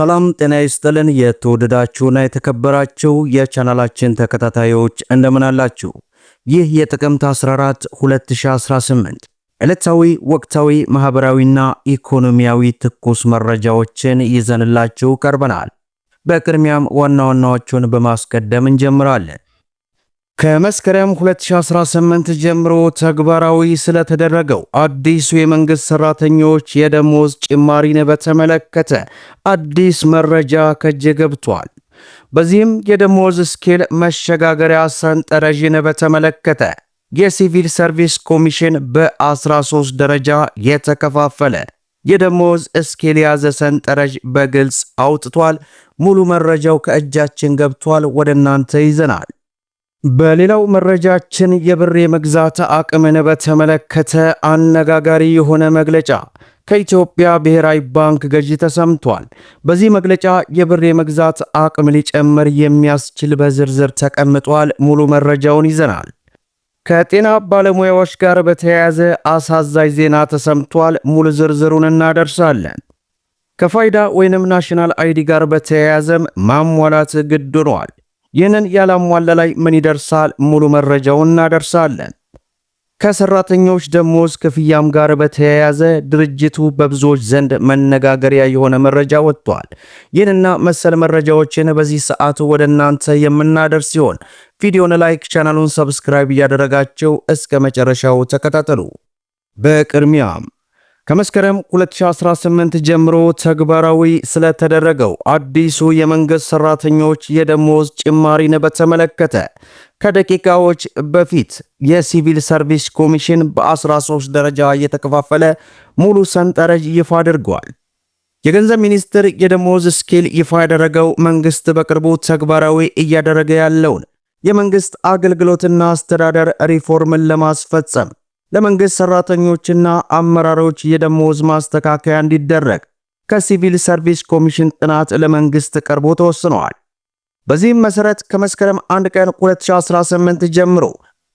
ሰላም ጤና ይስጥልን። የተወደዳችሁና የተከበራችሁ የቻናላችን ተከታታዮች እንደምን አላችሁ? ይህ የጥቅምት 14 2018 ዕለታዊ ወቅታዊ ማኅበራዊና ኢኮኖሚያዊ ትኩስ መረጃዎችን ይዘንላችሁ ቀርበናል። በቅድሚያም ዋና ዋናዎቹን በማስቀደም እንጀምራለን። ከመስከረም 2018 ጀምሮ ተግባራዊ ስለተደረገው አዲሱ የመንግስት ሰራተኞች የደሞዝ ጭማሪን በተመለከተ አዲስ መረጃ ከእጅ ገብቷል። በዚህም የደሞዝ ስኬል መሸጋገሪያ ሰንጠረዥን በተመለከተ የሲቪል ሰርቪስ ኮሚሽን በ13 ደረጃ የተከፋፈለ የደሞዝ እስኬል የያዘ ሰንጠረዥ በግልጽ አውጥቷል። ሙሉ መረጃው ከእጃችን ገብቷል፣ ወደ እናንተ ይዘናል። በሌላው መረጃችን የብር የመግዛት አቅምን በተመለከተ አነጋጋሪ የሆነ መግለጫ ከኢትዮጵያ ብሔራዊ ባንክ ገዢ ተሰምቷል። በዚህ መግለጫ የብር የመግዛት አቅም ሊጨምር የሚያስችል በዝርዝር ተቀምጧል። ሙሉ መረጃውን ይዘናል። ከጤና ባለሙያዎች ጋር በተያያዘ አሳዛኝ ዜና ተሰምቷል። ሙሉ ዝርዝሩን እናደርሳለን። ከፋይዳ ወይንም ናሽናል አይዲ ጋር በተያያዘም ማሟላት ግድ ሆኗል። ይህንን ያላሟለ ላይ ምን ይደርሳል? ሙሉ መረጃውን እናደርሳለን። ከሰራተኞች ደሞዝ ክፍያም ጋር በተያያዘ ድርጅቱ በብዙዎች ዘንድ መነጋገሪያ የሆነ መረጃ ወጥቷል። ይህንና መሰል መረጃዎችን በዚህ ሰዓቱ ወደ እናንተ የምናደርስ ሲሆን ቪዲዮን ላይክ፣ ቻናሉን ሰብስክራይብ እያደረጋቸው እስከ መጨረሻው ተከታተሉ። በቅድሚያም ከመስከረም 2018 ጀምሮ ተግባራዊ ስለተደረገው አዲሱ የመንግሥት ሠራተኞች የደሞዝ ጭማሪን በተመለከተ ከደቂቃዎች በፊት የሲቪል ሰርቪስ ኮሚሽን በ13 ደረጃ የተከፋፈለ ሙሉ ሰንጠረዥ ይፋ አድርጓል። የገንዘብ ሚኒስቴር የደሞዝ ስኬል ይፋ ያደረገው መንግሥት በቅርቡ ተግባራዊ እያደረገ ያለውን የመንግሥት አገልግሎትና አስተዳደር ሪፎርምን ለማስፈጸም ለመንግስት ሰራተኞችና አመራሮች የደሞዝ ማስተካከያ እንዲደረግ ከሲቪል ሰርቪስ ኮሚሽን ጥናት ለመንግስት ቀርቦ ተወስነዋል። በዚህም መሰረት ከመስከረም 1 ቀን 2018 ጀምሮ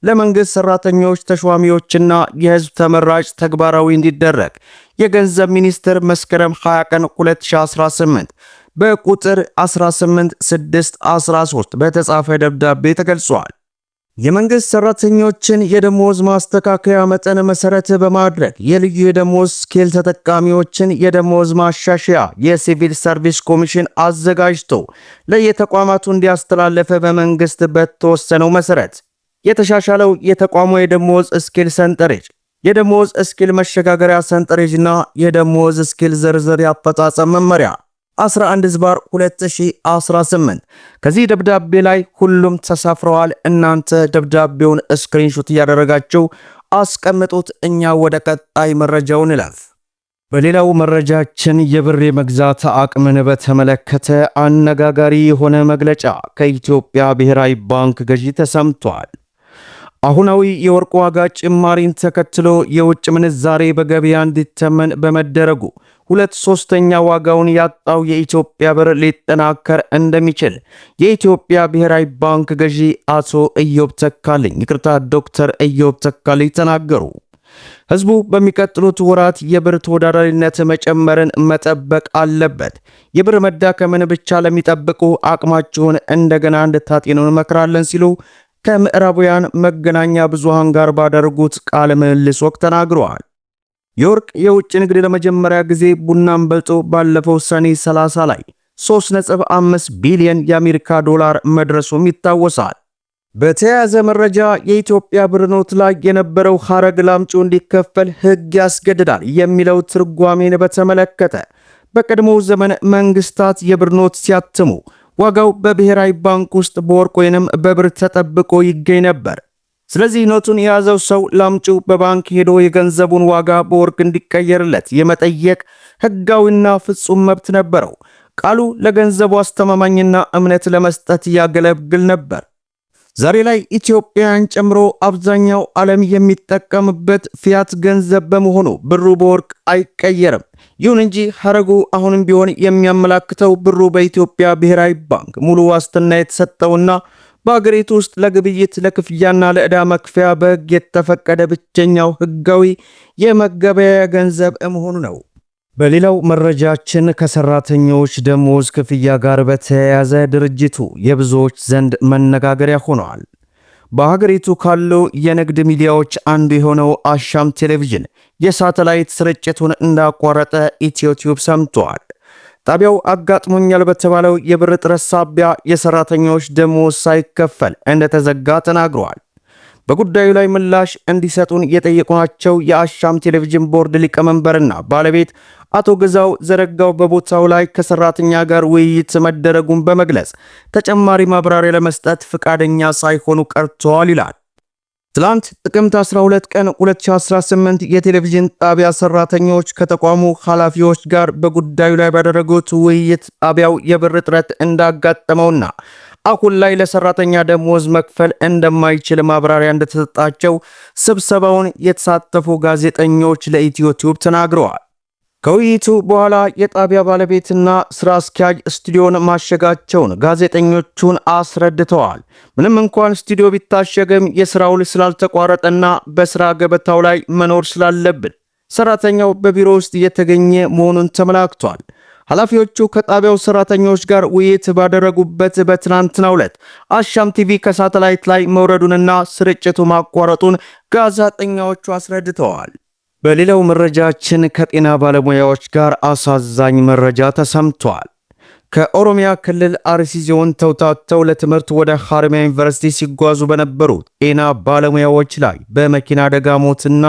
ለመንግስት ሰራተኞች ተሿሚዎችና የህዝብ ተመራጭ ተግባራዊ እንዲደረግ የገንዘብ ሚኒስቴር መስከረም 20 ቀን 2018 በቁጥር 18613 በተጻፈ ደብዳቤ ተገልጿል። የመንግስት ሰራተኞችን የደሞዝ ማስተካከያ መጠን መሰረት በማድረግ የልዩ የደሞዝ ስኬል ተጠቃሚዎችን የደሞዝ ማሻሻያ የሲቪል ሰርቪስ ኮሚሽን አዘጋጅቶ ለየተቋማቱ እንዲያስተላለፈ በመንግስት በተወሰነው መሰረት የተሻሻለው የተቋሙ የደሞዝ ስኬል ሰንጠረዥ የደሞዝ ስኬል መሸጋገሪያ ሰንጠረዥና የደሞዝ ስኬል ዝርዝር ያፈጻጸም መመሪያ 11 ዝባር 2018። ከዚህ ደብዳቤ ላይ ሁሉም ተሳፍረዋል። እናንተ ደብዳቤውን ስክሪንሾት እያደረጋችሁ አስቀምጡት። እኛ ወደ ቀጣይ መረጃውን እላፍ። በሌላው መረጃችን የብር የመግዛት አቅምን በተመለከተ አነጋጋሪ የሆነ መግለጫ ከኢትዮጵያ ብሔራዊ ባንክ ገዢ ተሰምቷል። አሁናዊ የወርቅ ዋጋ ጭማሪን ተከትሎ የውጭ ምንዛሬ በገበያ እንዲተመን በመደረጉ ሁለት ሶስተኛ ዋጋውን ያጣው የኢትዮጵያ ብር ሊጠናከር እንደሚችል የኢትዮጵያ ብሔራዊ ባንክ ገዢ አቶ ኢዮብ ተካልኝ ይቅርታ ዶክተር ኢዮብ ተካልኝ ተናገሩ። ህዝቡ በሚቀጥሉት ወራት የብር ተወዳዳሪነት መጨመርን መጠበቅ አለበት። የብር መዳከምን ብቻ ለሚጠብቁ አቅማችሁን እንደገና እንድታጤኑ እንመክራለን ሲሉ ከምዕራባውያን መገናኛ ብዙሃን ጋር ባደረጉት ቃለ ምልልስ ወቅት ተናግረዋል። የወርቅ የውጭ ንግድ ለመጀመሪያ ጊዜ ቡናን በልጦ ባለፈው ሰኔ 30 ላይ 3.5 ቢሊዮን የአሜሪካ ዶላር መድረሱም ይታወሳል። በተያያዘ መረጃ የኢትዮጵያ ብር ኖት ላይ የነበረው ሐረግ ላምጪ እንዲከፈል ሕግ ያስገድዳል የሚለው ትርጓሜን በተመለከተ በቀድሞ ዘመን መንግስታት የብር ኖት ሲያትሙ ዋጋው በብሔራዊ ባንክ ውስጥ በወርቅ ወይንም በብር ተጠብቆ ይገኝ ነበር። ስለዚህ ኖቱን የያዘው ሰው ላምጩ በባንክ ሄዶ የገንዘቡን ዋጋ በወርቅ እንዲቀየርለት የመጠየቅ ሕጋዊና ፍጹም መብት ነበረው። ቃሉ ለገንዘቡ አስተማማኝና እምነት ለመስጠት ያገለግል ነበር። ዛሬ ላይ ኢትዮጵያን ጨምሮ አብዛኛው ዓለም የሚጠቀምበት ፊያት ገንዘብ በመሆኑ ብሩ በወርቅ አይቀየርም። ይሁን እንጂ ሐረጉ አሁንም ቢሆን የሚያመላክተው ብሩ በኢትዮጵያ ብሔራዊ ባንክ ሙሉ ዋስትና የተሰጠውና በአገሪቱ ውስጥ ለግብይት ለክፍያና ለዕዳ መክፈያ በሕግ የተፈቀደ ብቸኛው ሕጋዊ የመገበያያ ገንዘብ መሆኑ ነው። በሌላው መረጃችን ከሰራተኞች ደሞዝ ክፍያ ጋር በተያያዘ ድርጅቱ የብዙዎች ዘንድ መነጋገሪያ ሆነዋል። በሀገሪቱ ካሉ የንግድ ሚዲያዎች አንዱ የሆነው አሻም ቴሌቪዥን የሳተላይት ስርጭቱን እንዳቋረጠ ኢትዮቲዩብ ሰምቷል። ጣቢያው አጋጥሞኛል በተባለው የብር እጥረት ሳቢያ የሰራተኞች ደሞዝ ሳይከፈል እንደተዘጋ ተናግረዋል። በጉዳዩ ላይ ምላሽ እንዲሰጡን ናቸው የአሻም ቴሌቪዥን ቦርድ ሊቀመንበርና ባለቤት አቶ ግዛው ዘረጋው በቦታው ላይ ከሰራተኛ ጋር ውይይት መደረጉን በመግለጽ ተጨማሪ ማብራሪያ ለመስጠት ፈቃደኛ ሳይሆኑ ቀርተዋል ይላል። ትላንት ጥቅምት 12 ቀን 2018 የቴሌቪዥን ጣቢያ ሰራተኞች ከተቋሙ ኃላፊዎች ጋር በጉዳዩ ላይ ባደረጉት ውይይት ጣቢያው የብር እጥረት እንዳጋጠመውና አሁን ላይ ለሰራተኛ ደሞዝ መክፈል እንደማይችል ማብራሪያ እንደተሰጣቸው ስብሰባውን የተሳተፉ ጋዜጠኞች ለኢትዮ ቲዩብ ተናግረዋል። ከውይይቱ በኋላ የጣቢያ ባለቤትና ስራ አስኪያጅ ስቱዲዮን ማሸጋቸውን ጋዜጠኞቹን አስረድተዋል። ምንም እንኳን ስቱዲዮ ቢታሸግም የስራው ውል ስላልተቋረጠና በስራ ገበታው ላይ መኖር ስላለብን ሰራተኛው በቢሮ ውስጥ እየተገኘ መሆኑን ተመላክቷል። ኃላፊዎቹ ከጣቢያው ሰራተኞች ጋር ውይይት ባደረጉበት በትናንትናው ዕለት አሻም ቲቪ ከሳተላይት ላይ መውረዱንና ስርጭቱ ማቋረጡን ጋዜጠኛዎቹ አስረድተዋል። በሌላው መረጃችን ከጤና ባለሙያዎች ጋር አሳዛኝ መረጃ ተሰምቷል። ከኦሮሚያ ክልል አርሲ ዞን ተውታተው ለትምህርት ወደ ሐረማያ ዩኒቨርሲቲ ሲጓዙ በነበሩት ጤና ባለሙያዎች ላይ በመኪና አደጋ ሞትና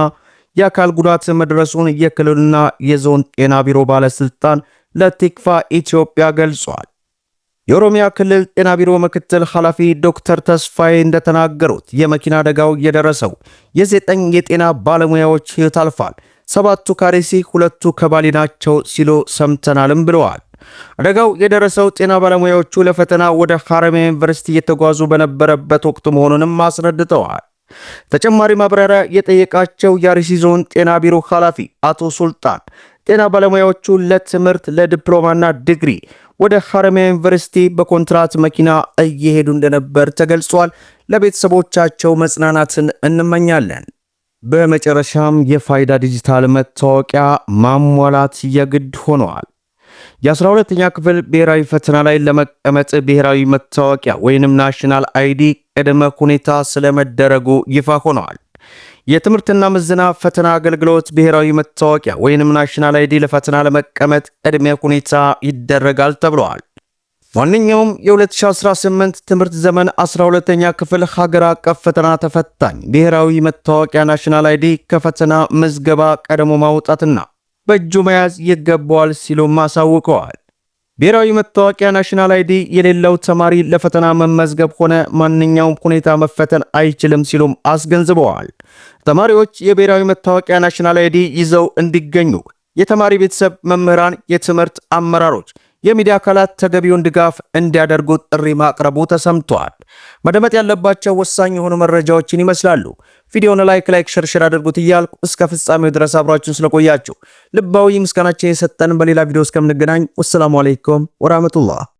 የአካል ጉዳት መድረሱን የክልልና የዞን ጤና ቢሮ ባለስልጣን ለቲክፋ ኢትዮጵያ ገልጿል። የኦሮሚያ ክልል ጤና ቢሮ ምክትል ኃላፊ ዶክተር ተስፋዬ እንደተናገሩት የመኪና አደጋው የደረሰው የዘጠኝ የጤና ባለሙያዎች ሕይወት አልፏል። ሰባቱ ካሬሲ ሁለቱ ከባሌ ናቸው ሲሉ ሰምተናልም ብለዋል። አደጋው የደረሰው ጤና ባለሙያዎቹ ለፈተና ወደ ሐረማያ ዩኒቨርሲቲ እየተጓዙ በነበረበት ወቅት መሆኑንም አስረድተዋል። ተጨማሪ ማብራሪያ የጠየቃቸው የአርሲ ዞን ጤና ቢሮ ኃላፊ አቶ ሱልጣን ጤና ባለሙያዎቹ ለትምህርት ለዲፕሎማና ዲግሪ ወደ ሐረማያ ዩኒቨርሲቲ በኮንትራት መኪና እየሄዱ እንደነበር ተገልጿል። ለቤተሰቦቻቸው መጽናናትን እንመኛለን። በመጨረሻም የፋይዳ ዲጂታል መታወቂያ ማሟላት የግድ ሆነዋል። የ12ኛ ክፍል ብሔራዊ ፈተና ላይ ለመቀመጥ ብሔራዊ መታወቂያ ወይንም ናሽናል አይዲ ቅድመ ሁኔታ ስለመደረጉ ይፋ ሆነዋል። የትምህርትና ምዘና ፈተና አገልግሎት ብሔራዊ መታወቂያ ወይንም ናሽናል አይዲ ለፈተና ለመቀመጥ ቅድመ ሁኔታ ይደረጋል ተብሏል። ማንኛውም የ2018 ትምህርት ዘመን 12ኛ ክፍል ሀገር አቀፍ ፈተና ተፈታኝ ብሔራዊ መታወቂያ ናሽናል አይዲ ከፈተና ምዝገባ ቀድሞ ማውጣትና በእጁ መያዝ ይገባዋል ሲሉም አሳውቀዋል። ብሔራዊ መታወቂያ ናሽናል አይዲ የሌለው ተማሪ ለፈተና መመዝገብ ሆነ ማንኛውም ሁኔታ መፈተን አይችልም ሲሉም አስገንዝበዋል። ተማሪዎች የብሔራዊ መታወቂያ ናሽናል አይዲ ይዘው እንዲገኙ የተማሪ ቤተሰብ፣ መምህራን፣ የትምህርት አመራሮች የሚዲያ አካላት ተገቢውን ድጋፍ እንዲያደርጉ ጥሪ ማቅረቡ ተሰምቷል። መደመጥ ያለባቸው ወሳኝ የሆኑ መረጃዎችን ይመስላሉ። ቪዲዮውን ላይክ ላይክ ሸርሸር አድርጉት እያልኩ እስከ ፍጻሜው ድረስ አብራችሁን ስለቆያችሁ ልባዊ ምስጋናችን የሰጠን። በሌላ ቪዲዮ እስከምንገናኝ ወሰላሙ አለይኩም ወራህመቱላህ